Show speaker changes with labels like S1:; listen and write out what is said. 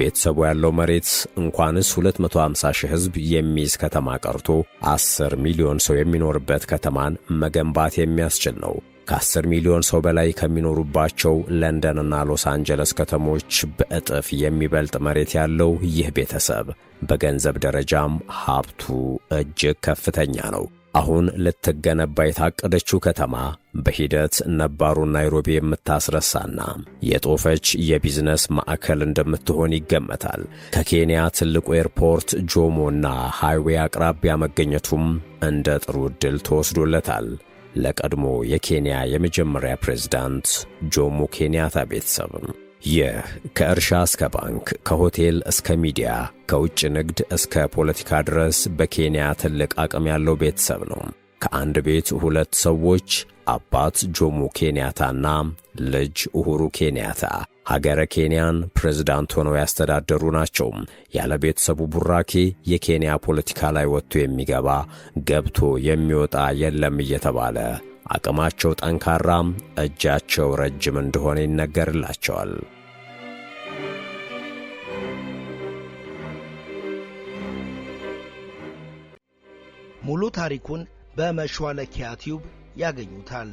S1: ቤተሰቡ ያለው መሬት እንኳንስ 250 ሺህ ህዝብ የሚይዝ ከተማ ቀርቶ 10 ሚሊዮን ሰው የሚኖርበት ከተማን መገንባት የሚያስችል ነው። ከ10 ሚሊዮን ሰው በላይ ከሚኖሩባቸው ለንደንና ሎስ አንጀለስ ከተሞች በእጥፍ የሚበልጥ መሬት ያለው ይህ ቤተሰብ በገንዘብ ደረጃም ሀብቱ እጅግ ከፍተኛ ነው። አሁን ልትገነባ የታቀደችው ከተማ በሂደት ነባሩን ናይሮቢ የምታስረሳና የጦፈች የቢዝነስ ማዕከል እንደምትሆን ይገመታል። ከኬንያ ትልቁ ኤርፖርት ጆሞና ሃይዌይ አቅራቢያ መገኘቱም እንደ ጥሩ ዕድል ተወስዶለታል። ለቀድሞ የኬንያ የመጀመሪያ ፕሬዝዳንት ጆሞ ኬንያታ ቤተሰብም ይህ ከእርሻ እስከ ባንክ፣ ከሆቴል እስከ ሚዲያ፣ ከውጭ ንግድ እስከ ፖለቲካ ድረስ በኬንያ ትልቅ አቅም ያለው ቤተሰብ ነው። ከአንድ ቤት ሁለት ሰዎች አባት ጆሞ ኬንያታና ልጅ ኡሁሩ ኬንያታ ሀገረ ኬንያን ፕሬዝዳንት ሆነው ያስተዳደሩ ናቸው። ያለ ቤተሰቡ ቡራኬ የኬንያ ፖለቲካ ላይ ወጥቶ የሚገባ ገብቶ የሚወጣ የለም እየተባለ አቅማቸው ጠንካራም እጃቸው ረጅም እንደሆነ ይነገርላቸዋል። ሙሉ ታሪኩን በመሿለኪያ ቲዩብ ያገኙታል።